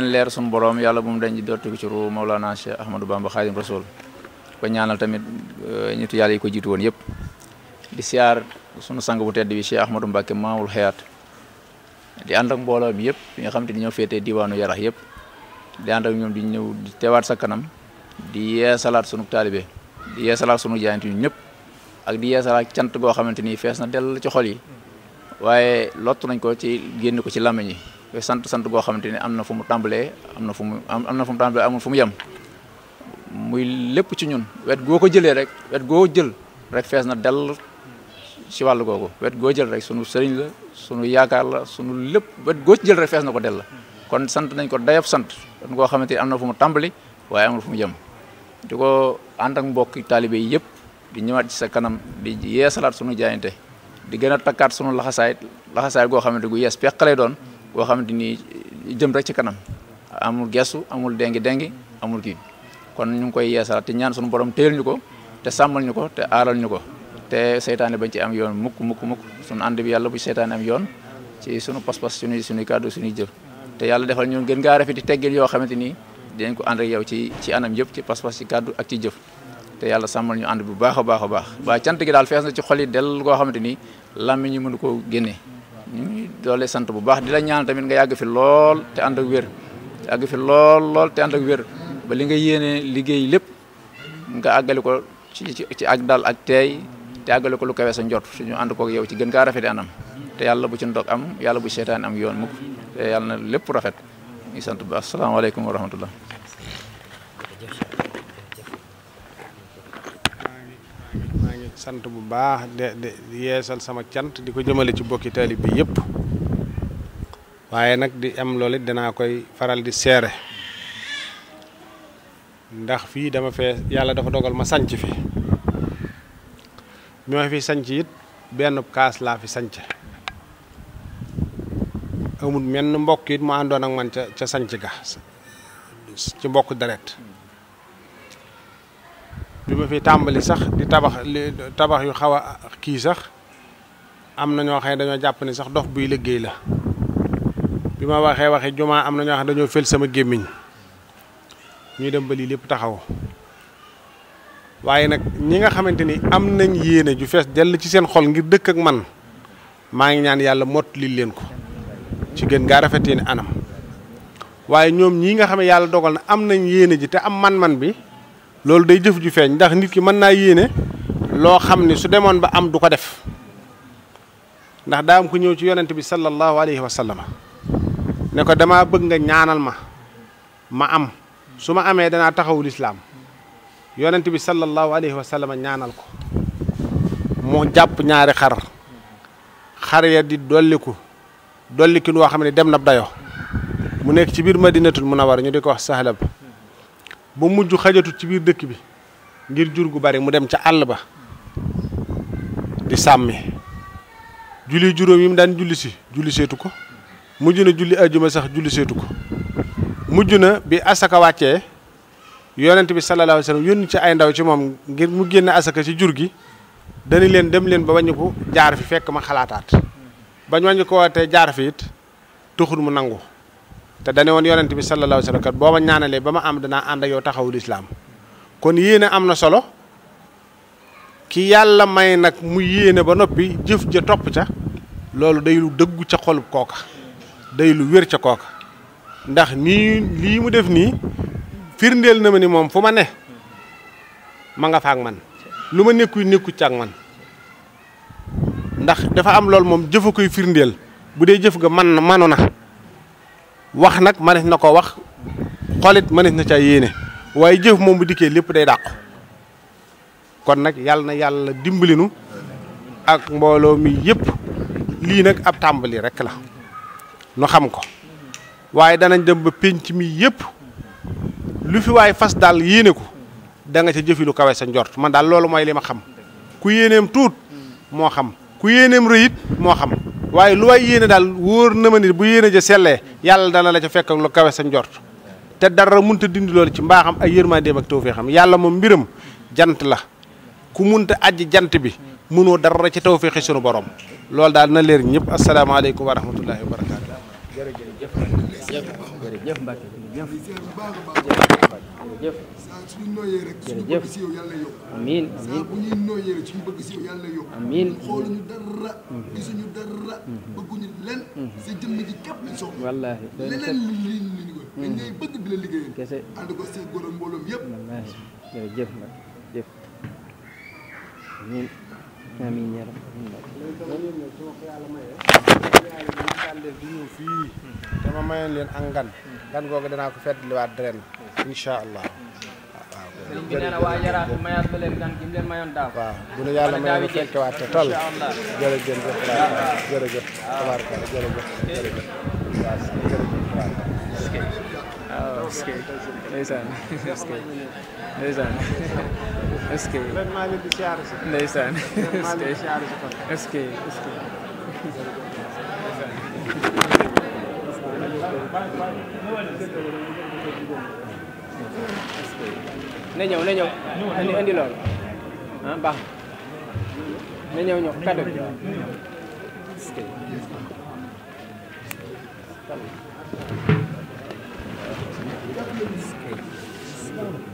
ñaan leer sun borom yalla bu mu dañ di dootiku ci ru Maulana Cheikh Ahmadou Bamba Khadim Rasoul ko ñaanal tamit ñittu eh, yalla yi ko jitu won yëpp di siar sunu sang bu tedd bi Cheikh Ahmadou mbake maul hayat di and ak mbolo bi yëpp yi nga xam te ñoo fété diwanu yarah yep di and ak ñom di ñew di teewaat sa kanam di yeesalaat sunu talibé di salat sunu jaayante ñu ñëpp ak di yeesalaat cant goo xamante ni fees na del ci xol yi waaye lottu nañ ko ci genn ko ci sant santu santu xamante ne am na fu mu tàmbalee am na fu mu amna na fu mu tàmbalee amul fu mu yem muy lépp ci ñun wet goo rek wet goo jël rek fees na dell ci wàll googu wet goo jël rek sunu sëriñ la sunu yaakaar la sunu lépp wet goo ci jël rek fees na ko dell kon sant nañ ko dayab sant kon goo xamante ne am na fu mu tàmbali waaye amul fu mu di ko ak mbokk taalibe yi di ñëwaat ci sa kanam di yeesalaat sunu jaayante di gën a sunu laxasaay laxasaay goo xamante gu yees peq lay doon boo xamante ni jëm rek ci kanam amul gestu amul dengi dengi amul kii kon ñu ngi koy yeesalaat te ñaan suñu borom téyel ñu ko te sàmmal ñu ko te aaral ñu ko te seytaane bañ ci am yoon mukk mukk mukk suñu ànd bi yàlla bu seytaane am yoon ci sunu pas-pas suñuy suñuy kàddu suñuy jëf te yàlla defal ñun gën ngaa rafeti teggin yoo xamante ni ko ànd yow ci ci anam yëpp ci pas-pas ci kàddu ak ci jëf te yàlla sàmmal ñu ànd bu baax a baax a baax waa cant gi daal fees na ci xol yi del koo xamante ni làmmiñ ñu mënu koo génnee Ini sante bu baax dila ñaan tamit nga yag fi lool te and ak wér yag fi lool lool te and ak wér ba li nga yene liggey lepp nga àggale ko ci ci ak dal ak tay te àggale ko lu kawé sa njort suñu ko ak yow ci gën ka rafet anam te yalla bu ci ndok am yalla bu seetaan am yoon mukk te yalla na rafet ni sante bu assalamu alaykum wa rahmatullah sant bu baax de yeesal sama cant di jëmele ci bokki talib bi yépp waaye nak di am loolu danaa koy faral di séré ndax fi dama fee yalla dafa dogal ma ci fi mi ma fi ci it benn kaas la fi ci amul menn mbokk it mu andon ak man ca sant ci ga ci mbokk deret ba fi tambali sax di tabax tabax yu xawa a sax am na ñoo xam ne dañoo ni sax dox bu liggey la bima waxe waxe juma am na ñoo xam ne dañoo sama gemign ñu dem ba li lepp taxaw waye nak ñi nga xamanteni am nañ yene ju fess del ci seen xol ngir dekk ak man ma ngi ñaan yalla mot li leen ko ci gën ngaa rafetene anam waye ñom ñi nga xamé yalla dogal na am nañ yene ji te am man-man bi lolou day jëf ju feñ ndax nit ki man na yéene lo xamni su demoon ba am du ko def ndax da am ku ñëw ci yonent bi sallallahu alayhi wa sallam ne ko dama bëgg nga ñaanal ma ma am suma amé dana taxawul islam yonent bi sallallahu alayhi wa sallam ñaanal ko mo jàpp ñaari xar xar ya di doliku dollikin woo xamni dem na dayo mu nek ci bir madinatul munawwar ñu diko wax sahlab ba mujj xajatu ci biir dëkk bi ngir jur gu bari mu dem ca àll ba di sàmmi julli juróom yi mu daan julli si julli seetu ko mujj na julli ajjuma sax julli seetu ko mujj na bi asaka wàccee yonent bi sallallahu alayhi wasallam yónni ci ay ndaw ci moom ngir mu génn asaka ci jur gi dañu leen dem leen ba wàññiku jaar fi fekk ma xalaataat bañ wàññi ko te jaar fi it tuxul mu nangu te dane won yonent bi sallallahu alaihi wasallam sallam kat boo ma ñaanalee ba am dana and ak yow taxawul islaam kon yéene amna solo ki yalla may nak mu yéene ba nopi jëf ja top ca loolu day lu degg ca xol koka day lu wër ca koka ndax ni li mu def ni firndel na ma ni mom fuma ne ma nga faak man luma ma nekkuy defa ca ak man ndax dafa am lol mom jëfa koy firndel jëf ga man manu wax nag mënees na ko wax xolit mënees na ca yéene waaye jëf moom bu dikkee lépp day dàqu kon nag yàlla na yàlla dimbalinu ak mbooloo mi yépp lii nag ab tàmbali rekk la nu xam ko waaye danañ dem ba pénc mi yépp lu fi waaye fas daal yéene ko da nga ca jëfi lu kawe sa njort man daal loolu mooy li ma xam ku yéeneem tuut moo xam ku yéeneem rëyit moo xam waaye lu waay yéene daal wóor na ma ni bu yéene ja sellee yàlla dana la ca fekk lu kawe sa njort te dara munta dindi lool ci mbaaxam ay yërmandeem ak tawféexam yàlla moom mbiram jant la ku munta ajji jant bi mënoo dara ci tawféexi sunu borom loolu daal na leer ñëpp asalaamaaleykum wa rahmatullahi wa barakaatu. jërëjëf jërëjëf Mbacke jërëjëf suñu nooyee rek suñu bëgg si yow yàlla yokk amiin saa bu ñuy nooyee rek suñu bëgg si yow yàlla yokk amiin xooluñu dara gisuñu dara bëgguñu len sa jëmm ji képp lañ soxla wallaahi leneen li ñu ko dañ ngay bëgg di la liggéeyal kese ànd ko see góor a mbooloom yëpp wallaahi jërëjëf Mbacke jëf amiin amiin yaa rabbi dama leen ak ngan googu danaa ko fàttaliwaat ren incha allah sëriñ na waa Yaraat mayaat ba leen gan gi mu leen mayoon daaw. waaw bu nu yàlla mayee bu fekkee waat te toll. Eski. Neyse. Eski. Neyse. Eski. Ben Malik dışarısı. Neyse. Eski. Eski. Eski. Nên nhau, nên nhau. Anh đi lượn. Hả? Ba. Nên nhau nhau cắt được. Eski. Thank Escape. Slow.